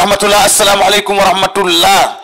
rahmatullah asalaamaaleykum wa rahmatullah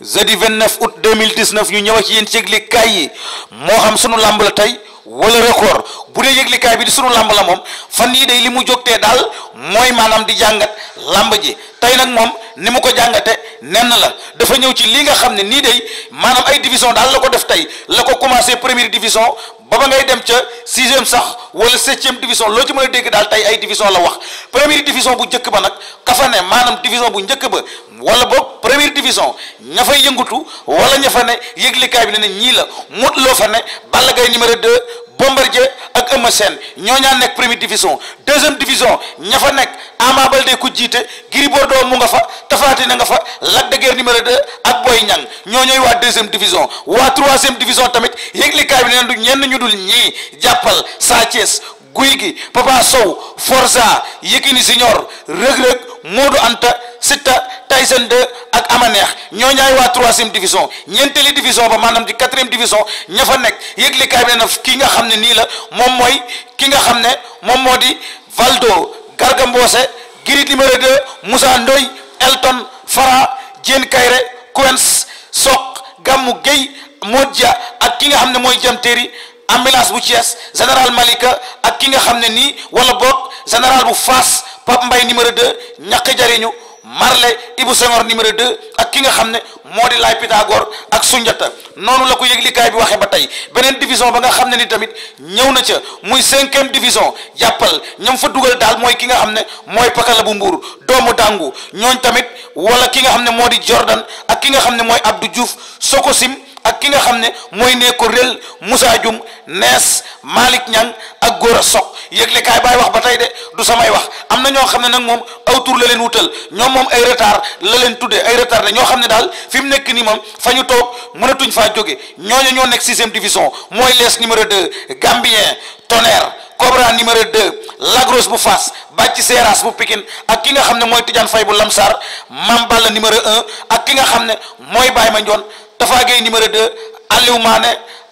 de 29 août 2019 ñu ñëw ci yéen ci yëglikaay yi moo xam sunu làmb la tey wala record bu dee yëglikaay bi di sunu làmb la moom fa nii day li mu jógtee daal mooy maanaam di jàngat làmb ji tey nag moom ni mu ko jàngate nenn la dafa ñëw ci li nga xam ne nii day maanaam ay division daal la ko def tey la ko commencé première division ba ba ngay dem ca sixième sax wala septième division loo ci mën a dégg daal tey ay division la wax première division bu njëkk ba nag ka fa ne maanaam division bu njëkk ba wala boog première division ña fay yëngatu wala ña fa ne yëglikaay bi ne ne ñii la Modou Lo fa ne Balla Gaye numéro de Bombardier ak Eumeu Sène ñoo ñaa nekk première division deuxième division ña fa nekk Ama Baldé ku jiite Gris Bordeaux mu nga fa Tapha Tine nga fa Lac de Guiers numéro ak Boy Niang ñoo ñooy waa deuxième division waa troisième division tamit yëglikaay bi neen du ñenn ñu dul ñii jàppal Sa guy gi Papa Sow Forza Yékini Senior Reug Reug Modou Anta Siteu Tyson de ak Amaneex ñoo ñaay waa troisième division ñeenteeli division ba maanaam di quatrième division ña fa nekk yëglikaay bi ne ki nga xam ne nii la moom mooy ki nga xam ne moom moo di Valdo Garga Mbossé Giri numéro 2 Moussa Ndoy Elton Fara Diène Kayre Coens Sok Gammu Gueye Modja ki nga xam ne mooy jamtéeri ambulance bu Thiès général Malika ak ki nga xam ne nii wala boog général bu Fass Pape Mbaye numéro 2 jariñu Marley Ibou Senghor numéro 2 ak ki nga xam ne moo di laay Pythagore ak Sunjata noonu la ko yëglikaay bi waxee ba tey beneen division ba nga xam ne ni tamit ñëw na ca muy cinquième division jàppal ñam fa dugal daal mooy ki nga xam ne mooy pakala bu mbuur doomu dàngu ñooñ tamit wala ki nga xam ne moo di Jordan ak ki nga xam ne mooy Abdou Diouf Sokosim ak ki nga xam ne mooy ne ko rel Moussa jum nees Malick Niang ak góor Sock yëgle kaay baay wax ba tey de du samay wax am na ñoo xam ne nag moom aw tur la leen wutal ñoom moom ay retard la leen tuddee ay retard la ñoo xam ne daal fi mu nekk nii moom fa ñu toog mënatuñ faa jóge ñooñu ñoo nekk sixième division mooy lees numéro 2 Gambien Tonnerre Cobra numéro 2 Lagros bu Fass Bàcci Seeraas bu Pikine ak ki nga xam ne mooy Tidiane Faye bu Lamsar Mambal numéro 1 ak ki nga xam ne mooy Baye Mandione dafa Gueye numéro de Aliou Mané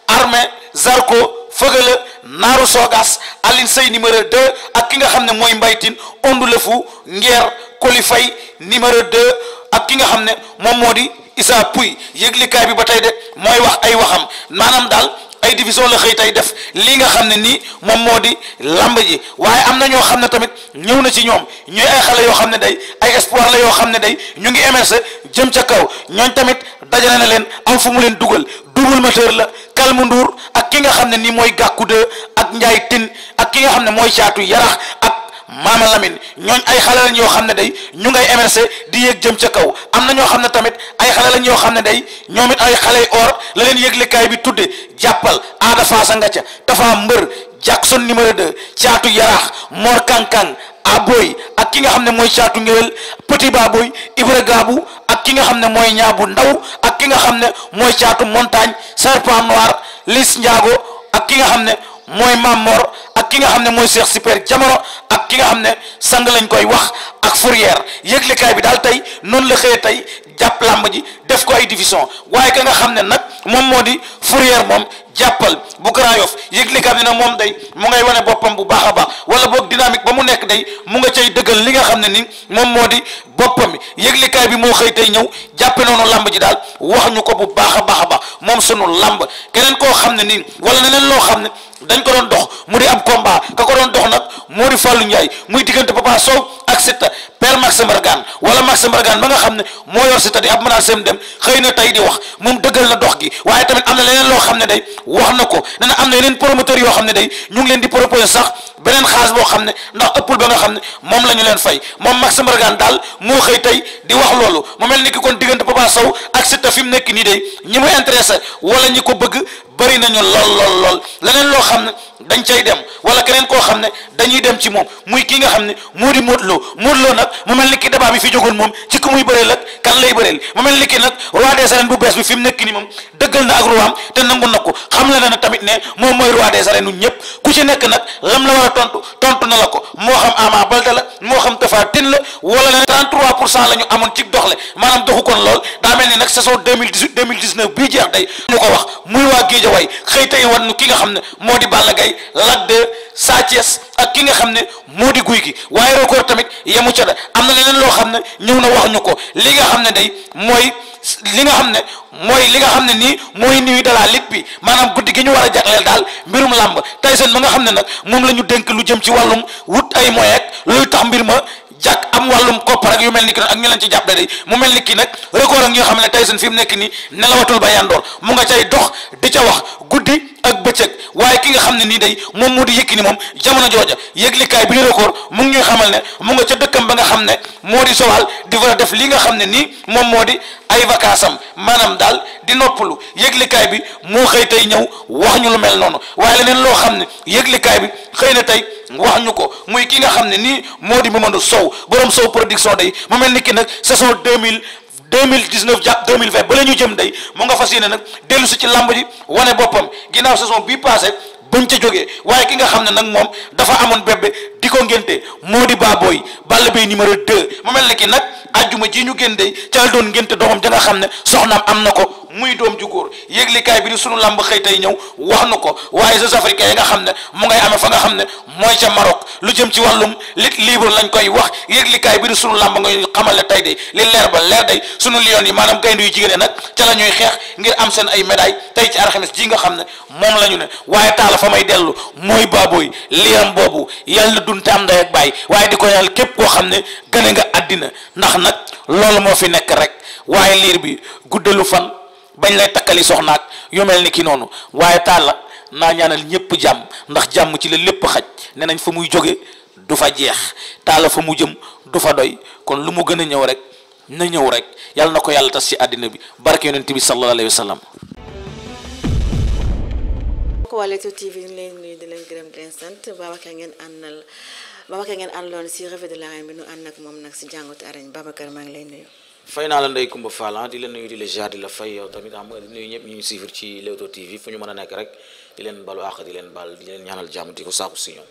Armé Zarko Fëgala Naaru Sogas Aline Sey numéro 2 ak ki nga xam ne mooy mbaytin ondu lëfu Ngeer Kolifay numéro 2 ak ki nga xam ne moom moo di Issa Pouy yëglikaay bi ba tey de mooy wax ay waxam maanaam daal ay division la xëy tey def li nga xam ne nii moom moo di lamb ji waaye am na ñoo xam ne tamit ñëw na ci ñoom ñooy ay xale yoo xam ne day ay espoir la yoo xam ne day ñu ngi émerger jëm ca kaw ñooñ tamit dajale na leen am fu mu leen dugal double moteur la kalmu nduur ak ki nga xam ne nii mooy gàkku de ak njaay tin ak ki nga xam ne mooy caatu yarax maama Lamine ñooñ ay xale lañ yoo xam ne day ñu ngay émerger di yéeg jëm ca kaw am na ñoo xam ne tamit ay xale lañ yoo xam ne day ñoom it ay xale or la leen yëglekaay bi tudde jàppal aada faasa nga ca dafa mbër Jackson numéro 2 caatu yaraax Mor Kankang Aboy ak ki nga xam ne mooy caatu ngéwél Petit Baboy Ibra Gaabu ak ki nga xam ne mooy ñaabu ndaw ak ki nga xam ne mooy caatu montagne serpent noir Lis Ndiago ak ki nga xam ne mooy Mamor ki nga xam ne mooy Cheikh Super Diamano ak ki nga xam ne sang lañ koy wax ak Fourière yëglekaay bi daal tey noonu la xëyee tey jàpp làmb ji def ko ay division waaye ka nga xam ne nag moom moo di Fourière moom jàppal bu Grand Yoff yëglikaat bi na moom day mu ngay wane boppam bu baax a baax wala boog dynamique ba mu nekk day mu nga cay dëggal li nga xam ne ni moom moo di boppam yëglikaay bi moo xëy tey ñëw jàppe noonu lamb ji daal wax ñu ko bu baax a baax a baax moom sunu lamb keneen koo xam ne nii wala leneen loo xam ne dañ ko doon dox mu di ab combat ka ko doon dox nag moo di Fallou Ndiaye muy diggante Papa Sow ak Siteu père Max Mbargane wala Max Mbargane ba nga xam ne moo yor Siteu di ab manaat sem xëy na tey di wax moom dëggal na dox gi waaye tamit am na leneen loo xam ne day wax na ko nee na am na yeneen promoteur yoo xam ne day ñu ngi leen di proposé sax beneen xaalis boo xam ne ndax ëppul ba nga xam ne moom la ñu leen fay moom Max Mbargane daal moo xëy tey di wax loolu mu mel ni ki kon diggante Papa Sow ak Siteu fi mu nekk nii day ñi mu intéressé wala ñi ko bëgg bëri nañu lool lool lool leneen loo xam ne dañ cay dem wala keneen koo xam ne dañuy dem ci moom muy ki nga xam ne moo di Modou Lo Modou Lo nag mu mel ni ki débat bi fi jógoon moom ci ku muy bëreel ak kan lay bëreel mu mel ni nag roi des arènes bu bees bi fi nekk ni moom dëggal na ak roi des arènes ñëpp ku ci nekk nag lam la war a tontu tontu na la ko moo xam Ama Baldé la moo xam Tapha la wala leneen 33 pour cent la amoon ci doxle maanaam doxu kon lool daa ni nag saison 2018 2019 bii jeex day ñu géejawaay xëy tey wan nu ki nga xam ne moo di Balla Gaye Lac de Sa Thiès ak ki nga xam ne moo di guy gi waaye record tamit yemu ca da am na leneen loo xam ne ñëw na wax ñu ko li nga xam ne day mooy li nga xam ne mooy li nga xam ne nii mooy nuit de la bi maanaam guddi gi ñu war a jagleel daal mbirum làmb Tyson ma nga xam ne nag moom la ñu dénk lu jëm ci wàllum wut ay moyens luy tax mbir ma jàkk am wàllum koppar ak yu mel ni ki ak ñu leen ci jàppale mel ni ki nag record ak ñi nga xam ne Tyson fi mu nii nelawatul ba yandoor mu nga cay dox di ca wax guddi ak bëccëg waaye ki nga xam ne nii day moom moo di Yékini moom jamono jooja yëglikaay bi di record mu ngi xamal ne mu nga ca dëkkam ba nga xam ne moo di sowal di fa def li nga xam ne nii moom moo di ay vacances am maanaam daal di noppalu yëglikaay bi moo xëy tey ñëw wax ñu lu mel noonu waaye leneen loo xam ne yëglikaay bi xëy na tey wax ñu ko muy ki nga xam ne nii moo di Mamadou Sow sow borom sow production day mu mel ni ki nag saison deux mille deux mille dix neuf jàpp deux mille vingt ba la ñu jëm day mu nga fas yéene nag dellu si ci làmb ji wane boppam ginnaaw saison bii passé buñ ca jógee waaye ki nga xam ne nag moom dafa amoon bébé di ko ngénte moo di Baboy Balla Beye numéro 2 mu mel ne ki nag ajjuma ji ñu génte ca la doon ngénte doxam ja nga xam ne soxnaam am na ko muy doom ju góor yéeglikaay bi di sunu làmb xëy tey ñëw wax na ko waaye Jeux africains yi nga xam ne mu ngay amee fa nga xam ne mooy ca Maroc lu jëm ci wàllum lutte libre lañ koy wax yéeglikaay bi sunu làmb ngay xamale tey de li leer ba leer day sunu lion yi maanaam gaynde yu jigéen nag ca la ñuy xeex ngir am seen ay médaille tey ci alxames ji nga xam ne moom la ñu ne waaye taala fa may dellu mooy Baboy liam boobu yàlla bokkun am ndey ak bàyyi waaye di ko yàlla képp koo xam ne gën nga àddina ndax nag loolu moo fi nekk rek waaye liir bi guddalu fan bañ lay takkali soxnaak yu mel ni ki noonu waaye taala naa ñaanal ñépp jàmm ndax jàmm ci la lépp xaj ne nañ fa muy jóge du fa jeex taala fa mu jëm du fa doy kon lu mu gën a ñëw rek na ñëw rek yàlla na ko yàlla tas ci àddina bi barke yonent bi sallallahu alayhi waa Leewtoo TV ñu ngi leen nuyu di leen gërëm di leen sant Babacar ngeen àndal Babacar ngeen àndaloon si revue de l'arène bi ñu ànd ak moom nag si jàngatu arène Babacar maa ngi lay nuyu. fay naa la Ndeye Coumba Fall ah, di la nuyu di la jaar di la fay yow tamit xam ah, nga di nuyu ñëpp ñu ngi suivre ci Leewtoo TV fu ñu mën a nekk rek di leen balu àq di leen bal di leen ñaanal jàmm di ko saaku si ñoom.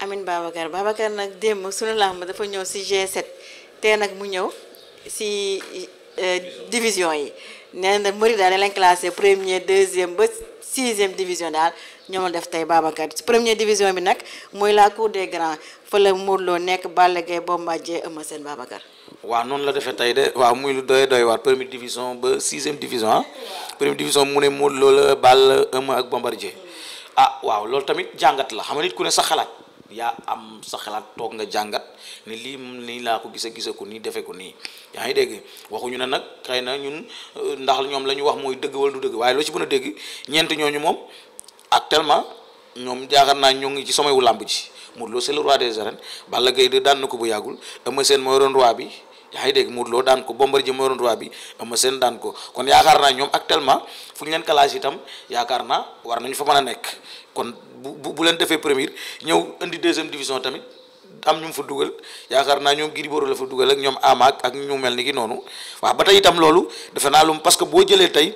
amin Babacar Babacar nag démb sunu làmb dafa ñëw si G7 te mu ñëw si euh, division yi. nee na Mouride daal lañ classé premier deuxième ba sixième division daal ñoom def tey Babacar ci première division bi nag mooy la cour des grands fa la Modou Lo nekk Balla Gaye Bombardier Eumeu Sène Babacar. waa noonu la defee tey de waaw muy lu doy doy waar première division ba sixième division ah. première division mu ne Modou Lo la Balla Eumeu ak Bombardier ah waaw loolu tamit jàngat la xam nga nit ku ne sa xalaat. yaa am sa xalaat toog nga jàngat ni lii nii laa ko gis gisa ko nii defe nii yaa ngi dégg waxuñu ne nag xëy na ñun euh, ndax ñoom la ñu wax mooy dëgg wala du dëgg waaye loo ci mën a dégg ñeent ñooñu moom actuellement ñoom jaaxar naa ñoo ngi ci sommewu làmb ji Modou Lo c'est le roi des arènes Balla Gaye de daan na ko bu yàggul Eumeu Sène mooy doon roi bi yaa ngi dégg Modou Lo daan ko Bombardier moo doon roi bi Eumeu Sène daan ko kon yaakaar naa ñoom actuellement fu ñu leen classé itam yaakaar naa war nañu fa mën a nekk kon bu bu bu leen defee premier ñëw indi deuxième division tamit am ñu fa dugal yaakaar naa ñoom Gris Bordeaux la fa dugal ak ñoom Ama ak ñu mel ni ki noonu waaw ba tey itam loolu defe naa lu parce que boo jëlee tey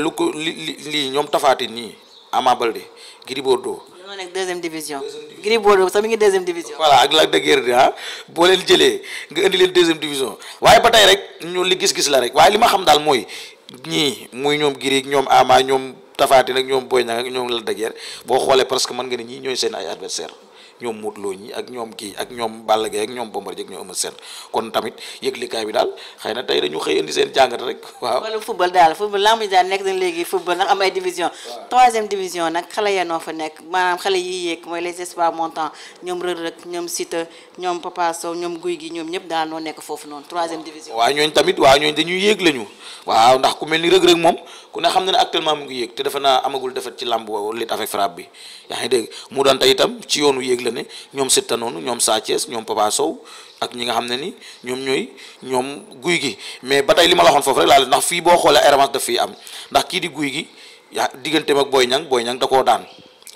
lu ko li lii ñoom tafaatin ñii Ama Baldé Gris doo ñoo nekk deuxième division. Gris Bordeaux sax mi ngi deuxième division. voilà ak Lac de Guiers ah boo leen jëlee nga indi leen deuxième division waaye ba tey rek ñu li gis-gis la rek waaye li ma xam daal mooy ñii muy ñoom Gris ñoom Ama ñoom Tapha Tine ñoom Boy Niang ak ñoom Lac de boo xoolee parce que mën nga ni ñii ñooy seen ay adversaire ñoom Modou Lo ñi ak ñoom kii ak ñoom Balla Gaye ak ñoom Bombardier ak ñoom Eumeu Sène kon tamit yëglikaay bi daal xëy na tey dañu xëy indi seen jàngat rek waaw wala football daal football lamb ji daal nekk dañ léegi football nag am ay division troisième division nag xale ya noo fa ñoom ñëpp daal noo nekk foofu noonu troisième division waaw ñooñ tamit waaw ñooñ dañuy yéeg lañu waaw ndax ku mel ni Reug Reug moom ku ne xam na ne actuellement mu ngi yéeg te dafa naa amagul defet ci lamb lit avec frappe bi yaa ngi dégg mu doon tey itam ci yoonu yéeg la ne ñoom Siteu noonu ñoom Sa ñoom Papa Sow ak ñi nga xam ne ni ñoom ñooy ñoom guy gi mais ba tey li ma la waxoon foofu rek laa leen ndax fii boo xoolee ay revanche daf fii am ndax di guy gi yaa digganteem ak Boy Niang Boy Niang koo daan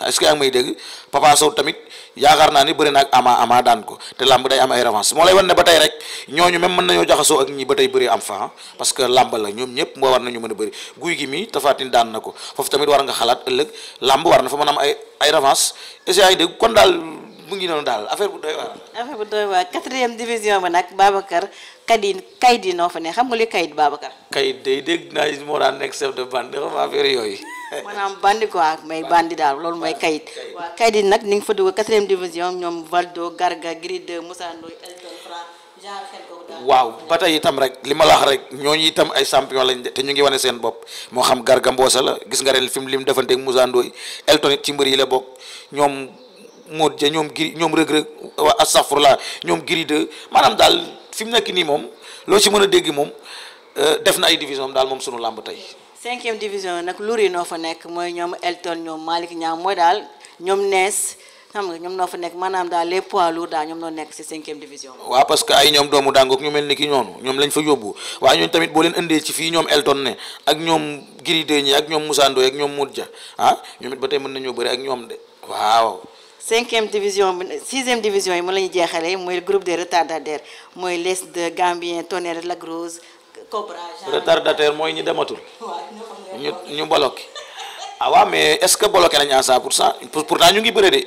est may dégg Papa Sow tamit yaakaar naa ni bëri na ak ama ama daan ko te làmb day am ay revanche moo lay wan ne ba tey rek ñooñu même mën nañoo jaxasoo ak ñi ba tey bëri am fa ah, parce que làmb la ñoom ñëpp moo war nañu mën a bëri guy gi mii tafaatin daan na ko foofu tamit war nga xalaat ëllëg làmb war na fa mën a am ay ay revanche est dégg kon daal mu ngi noonu daal affaire bu doy waar. affaire bu doy waar quatrième division ba nag Babacar kaddi kayit yi noo fa ne xam nga li kayit Babacar. kayit day dégg naa moo daan nekk chef de bande xam affaire yooyu. maanaam bandi quoi may bandi daal loolu mooy kayit. waaw kayit yi nag ni nga fa dugg quatrième division ñoom Valdo Garga Gris 2 Moussa Ndoye Elton Fra genre xel kooku daal. waaw ba tey itam rek li ma la wax rek ñooñu itam ay champion lañ te ñu ngi wane seen bopp moo xam Garga Mbossé la gis nga ren fi mu lim defanteeg Moussa Ndoye Elton it ci mbër yi la bokk ñoom. Mod ja ñoom giri ñoom rëg-rëg waa ñoom giri de maanaam daal fi mu nekk nii moom loo ci mën a dégg moom euh, def na ay division daal moom sunu làmb tey. cinquième division nag luri noo fa nekk mooy ñoom Elton ñoom Malick Niang mooy daal ñoom nees xam nga ñoom noo fa nekk maanaam daal les poids nekk ci cinquième division. waaw parce que ay ñoom doomu dàngook ñu mel ni ki ñoonu ñoom lañ fa yóbbu waaye ñooñu tamit boo leen indee ci fii ñoom Elton ne ak ñoom Giri Deñi ak ñoom Moussa Ndoye ak ñoom Modja ja ah, ñoom it ba tey mën nañoo bëri ak ñoom de waaw. cinquième division bi sixième division yi mu la ñu jeexalee mooy groupe des retardataires mooy les de Gambien Tonnerre Lac Rose Cobra. retardataire mooy ñu dematul. ñu ñu bloqué. ah waaw mais est ce que bloqué nañu à 100 pour pour pourtant ñu ngi bëre de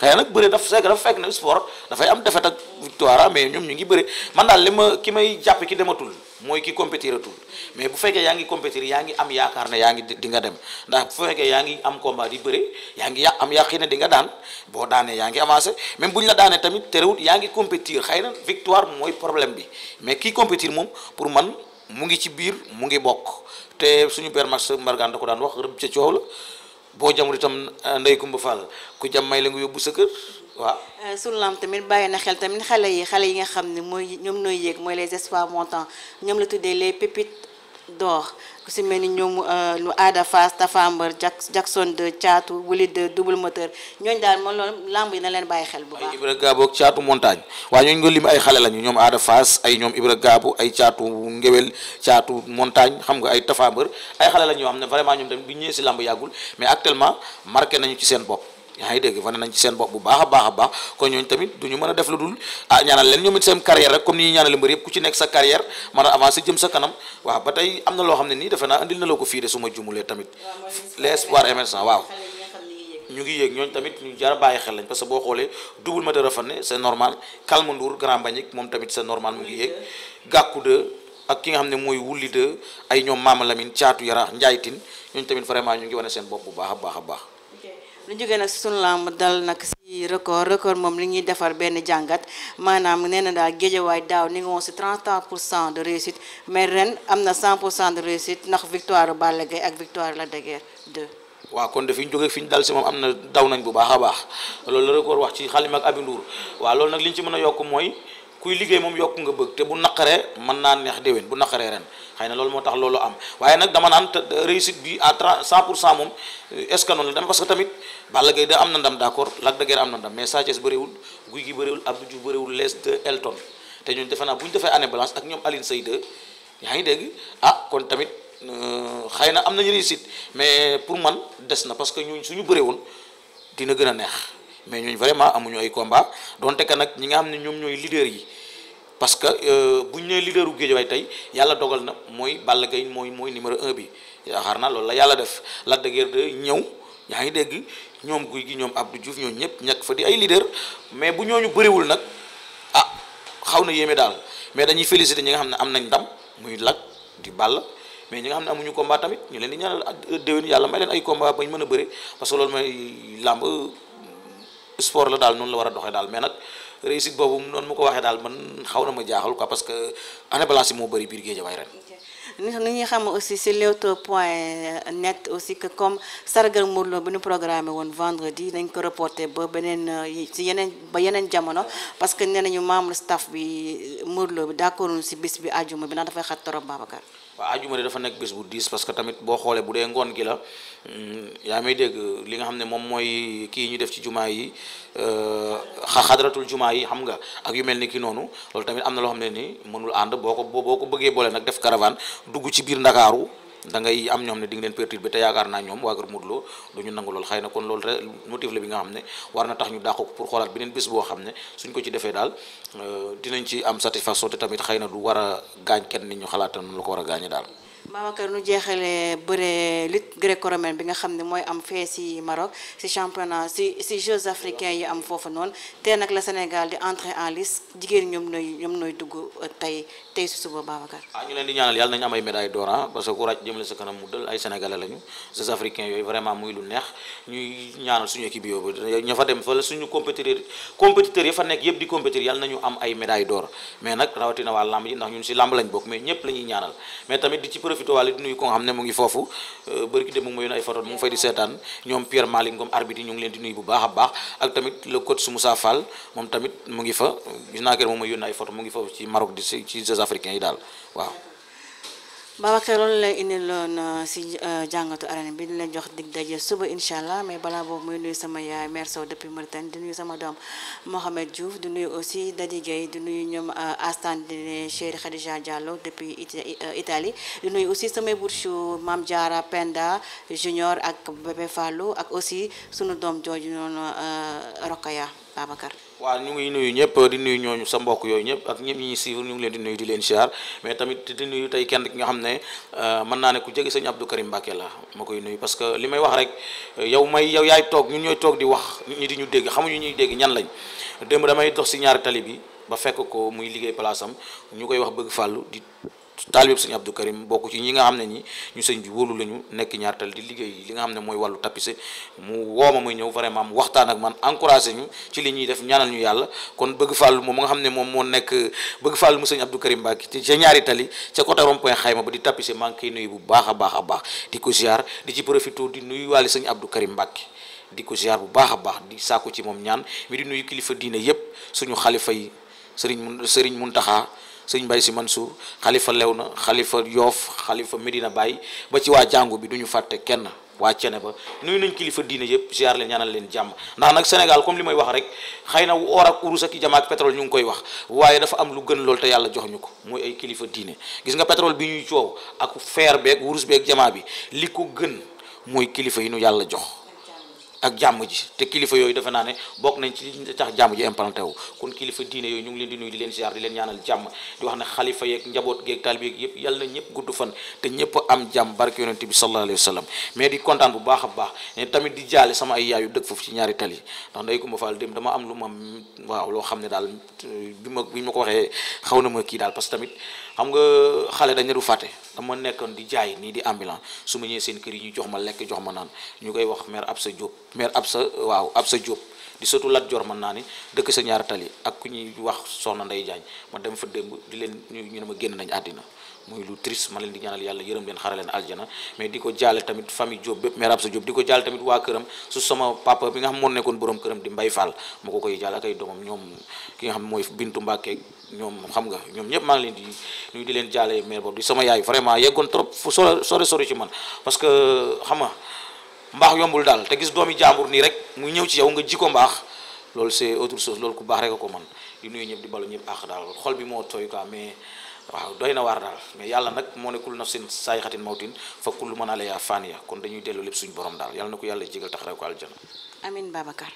xëy na nag bëre dafa fekk dafa fekk ne sport dafay am défaite ak victoire ah, mais ñoom ñu ngi bëre man daal li ma ki may jàpp ki dematul. mooy ki compétir tout mais bu fekkee yaa ngi compétir yaa ngi am yaakaar ne yaa ngi di nga dem ndax bu fekkee yaa ngi am combat di bëre yaa ngi am yaqin ne di nga daan boo daanee yaa ngi avancé même bu ñu la daanee tamit terewut yaa ngi compétir xëy na victoire mooy problème bi mais kii compétir moom pour man mu ngi ci biir mu ngi bokk te suñu beer Max Mbargane da ko daan wax rëbb ca coow la. boo jamul itam eh, ndey Kumba Fall ku jam may la nga yóbbu sa kër waaw eh, su lamb tamit bàyyi na xel tamit xale yi xale yi nga xam ne mooy ñoom nooy yéeg mooy les espoirs montants ñoom la tuddee les pépites d'or ku si mel ni ñoom nu euh, Ada Fass Tafambar Jackson de Thiatou Wuli de double moteur ñooñu daal moom loolu làmb yi na leen bàyyi xel bu baax. ay Ibra Gabo ak Thiatou montagne waaye ñooñu lim ay xale lañu ñoom Ada Fass ay ñoom Ibra Gabo ay Thiatou ngewel Thiatou montagne xam nga ay Tafambar ay xale lañu yoo xam ne vraiment ñoom tamit bi ñëwee si lamb yàggul mais actuellement marqué nañu ci seen bopp. yaa ngi dégg wane nañ ci seen bopp bu baax a baax a baax kon tamit duñu mën a def lu dul ah ñaanal leen ñoom it seen carrière rek comme ni ñuy ñaanal sa carrière mën a avancer jëm sa waaw loo xam ne nii defe naa indil na la ko ma jumulee tamit l'espoir émergent waaw ñu ngi yéeg ñooñu tamit ñu jar bàyyi xel lañ parce que boo xoolee double moteur a fan ne c'est normal Calme Ndour Grand Mbagnick moom tamit c'est normal mu ngi yéeg Gakou 2 ak ki nga xam ne mooy wulli 2 ay ñoom Mama Lamine Thiatou Yarakh Ndiaye Tine ñooñu tamit vraiment ñu ngi wane seen bopp bu baax a baax a baax lu jógee nag sunu lamb dal nag si record record moom li ñuy defar benn jàngat maanaam nee na daal géejawaay daaw ni nga woon si 30 pour cent de réussite mais ren am na 100 pour cent de réussite ndax victoire Balla Gaye ak victoire Lac de Guiers waa waaw kon de fi ñu jógee fi ñu dal si moom am na daw nañ bu baax a baax loolu la record wax ci xalim ak Abi Ndour waaw loolu nag li ñu ci mën a yokk mooy kuy liggéey moom yokk nga bëgg te bu naqaree mën naa neex déwén bu naqaree ren xëy na loolu moo tax loolu am waaye nag dama naan réussite bi à 30 100 pour cent moom est ce dem parce que tamit Balla Gaye am na ndam d' accord Lac de am na ndam mais Sa Thiès bëriwul Gouye Gui bëriwul Abdou Diouf bëriwul Les de Elton te ñun defe naa bu ñu defee année balance ak ñoom Aline Seyde yaa ngi dégg ah kon tamit euh, xëy na am nañu réussite mais pour man des na parce que ñun suñu bëree woon dina gën a neex mais ñooñu vraiment amuñu ay combat donte que nag ñi nga xam ne ñoom ñooy leader yi parce que euh, bu ñu nee leader géej Guédiawaye tey yàlla dogal na mooy Balla Gaye mooy mooy numéro un bi yaakaar naa loolu la yàlla def Lac de Guiers 2 ñëw yaa ngi dégg ñoom guy gi ñoom Abdou Diouf ñëpp ñàkk fa ay leader mais bu ñooñu bëriwul nag ah xaw na yéeme daal mais dañuy féliciter ñi nga xam ne am nañ ndam muy Lac di Balla mais ñi nga xam ne amuñu combat tamit ñu leen di ñaanal euh, déwén yàlla may leen ay combat bañ mën a bëre parce loolu mooy làmb sport la daal noonu la war a doxee daal mais nag réussite boobu noonu mu ko waxee daal man xaw na ma jaaxal quoi parce que année moo bëri biir géej waay ren. ni ñuy xam aussi si Leewtoo point net aussi que comme sargal Modou Lo bi ñu programmé woon vendredi dañ ko reporté ba beneen si yeneen ba yeneen jamono parce que nee nañu membre staff bi Modou Lo bi d'accord si bis bi àjjuma bi ndax dafay xat trop Babacar. waa ajuma de dafa nekk bés bu diis parce que tamit boo xoolee bu dee ngoon gi la mm, yaa may dégg li nga xam ne moom mooy kii ñu def ci jumaa yi euh, xadratul jumaa yi xam nga ak yu mel ni ki noonu loolu tamit am na loo xam ne ni mënul ànd boo ko boo ko bëggee boole nag def caravane dugg ci biir Ndakaaru da ngay am ñoom ne di leen leen perturbé te yaakaar naa ñoom waa kër Modou Lo du ñu nangu lool xëy na kon loolu motif la bi nga xam ne war na tax ñu dàq ko pour xoolaat beneen bés boo xam ne suñ ko ci defee daal euh, dinañ ci am satisfaction te tamit xëy na du war a gaañ kenn ni ñu xalaata noonu la ko war a gaañe daal Babacar nu jeexalee bëre lutte gréco-romaine bi nga xam ne mooy am fee si Maroc si championnat si si Jeux africains yi am foofu noonu tey nag la Sénégal di entrer en lice jigéen ñoom nooy ñoom nooy dugg euh, tey tey si suba Babacar. ah ñu leen di ñaanal yàlla nañu am ay médaille d'or ah, parce kanam mu dal ay sénégalais lañu yooyu vraiment muy lu neex ñuy ñaanal suñu équipe yooyu ña fa dem fa la suñu compétiteur compétiteurs yi fa nekk yëpp di compétir yàlla nañu am ay médaille d'or mais nag rawatina waa lamb ji ndax ñun si lamb lañ bokk mais ñëpp la ñuy ñaanal mais tamit di ci profité waale di nuyu ko xam ne mu ngi foofu euh, bërki de mu ngi ma yoon ay photo mu ngi fay di seetaan ñoom Pierre Malick Ngom yi ñu ngi leen di nuyu bu baax a baax ak tamit le coach Moussa Fall moom tamit mu ngi fa gis naa kër moom ma yoon ay photo mu ngi foofu ci Maroc di ci Jeux africains yi daal waaw Babacar loolu lay indiloon euh, si euh, jàngatu arène bi di leen jox dig daje suba incha allah mais balaa boobu muy nuyu sama yaay mère Sow depuis Mauritanie di nuyu sama doom Mohamed Diouf di nuy aussi Dadi Gueye di nuyu ñoom euh, Astan di nuyu Chéri Khadija Diallo depuis Italie di nuy aussi samay bourchou maam Diarra Penda Junior ak Bébé Fallou ak aussi sunu doom jooju noonu Rokaya Babacar. waaw ñu ngi nuyu ñëpp di nuyu ñooñu sa mbokk yooyu ñëpp ak ñëpp ñi ñuy suivre ñu ngi leen di nuyu di leen siyaar mais tamit di nuyu tey kenn ki nga xam ne euh, mën naa ne ku jege sëñ Abdou Karim Mbacké la ma koy nuyu parce que li may wax rek yow may yow yaay toog ñu ñooy toog di wax nit ñi di ñu dégg xamuñu ñuy dégg ñan lañ démb damay dox si ñaari tali bi ba fekk ko muy liggéey place ñu koy wax bëgg fàllu di taalibeb sëñ Abdou Karim bokk ci ñi nga xam ne ñi ñu sëñ bi wóolu lañu nekk tali di liggéey li nga xam ne mooy wàllu tapissé mu wooma muy ñëw vraiment mu waxtaan ak man encouragé ñu ci li ñuy def ñaanal ñu yàlla kon bëgg fàll moom nga xam ne moom moo nekk bëgg fàllu mu sëñ Abdou Karim Mbacke ci ca ñaari tali ca côté rond point xayma ba di tapissé maa ngi nuyu bu baax a baax a baax di ko ziar di ci profité di nuyu waale sëñ Abdou Karim Mbacke di ko ziar bu baax a baax di sàkku ci moom ñaan mi di nuyu kilifa diine yépp suñu xalifa yi sëriñ mun sëriñ suñ sëñ si man Mansour xalifa Lewna xalifa Yoff xalifa Medina bàyyi ba ci waa jàngu bi duñu fàtte kenn waa cene ba nuyu nañ kilifa diine yëpp ziar leen ñaanal leen jàmm ndax nag Sénégal comme li may wax rek xëy na or ak urus ak i jama ak pétrole ñu ngi koy wax waaye dafa am lu gën loolu te yàlla jox ñu ko mooy ay kilifa diine gis nga pétrole bi ñuy coow ak fer beeg urus beeg jama bi li ko gën mooy kilifa yi nu yàlla jox ak jàmm ji te kilifa yooyu defe naa ne bokk nañ ci tax jàmm ji implanté wu kon kilifa diine yooyu ñu ngi leen di nuyu di leen ziar di leen ñaanal jàmm di wax ne xalifa yeeg njaboot geeg taalibe yeeg yëpp na ñëpp gudd fan te ñëpp am jàmm barke yonent bi sallallahu alayhi mais di kontaan bu baax a baax ne tamit di jaale sama ay yaayu dëkk foofu ci ñaari tali ndax nday ko ma dem dama am lu ma waaw loo xam ne daal euh, bi ma bi ma ko waxee xaw na ma kii daal parce que tamit xam nga xale dañ du fàtte dama nekkoon di jaay nii di ambulant su ma ñëwee seen kër yi ñu jox ma lekk jox ma naan ñu koy wax ab sa jóob Diop mère sa waaw ab sa jóob di sotu lat jor man naa ni dëkk sa ñaar tali ak ku ñuy wax soxna Ndey Jaañ ma dem fa dëmb di leen ñu ne ma génn nañ àddina muy lu triste ma leen di ñaanal yàlla yërëm leen xaraleen aljana mais di ko jaale tamit famille Diop bépp mère Absa Diop di ko jaale tamit waa këram su sama papa bi nga xam moo nekkoon borom këram di Mbay Fall ma ko koy jaale ak ay doomam ñoom ki nga xam mooy Bintu Mbàkke ñoom xam nga ñëpp maa ngi leen di nuyu di leen jaale mère boobu di sama yaay vraiment yeggoon trop fu sori sori ci man parce que xam nga mbaax yombul daal te gis doomi jaambur nii rek mu ñëw ci yow nga ji ko mbaax loolu c'est autre chose loolu ku baax rek a man di ñëpp di balu ñëpp àq bi moo tooy waaw doy na waar daal mais yàlla nag moo ne kul nafsin saay xatin mawtin fa kullu mën alaya faaniya kon dañuy dellu lépp suñu borom daal yàlla na ko yàlla jégal tax rew ko aljana amin Babacar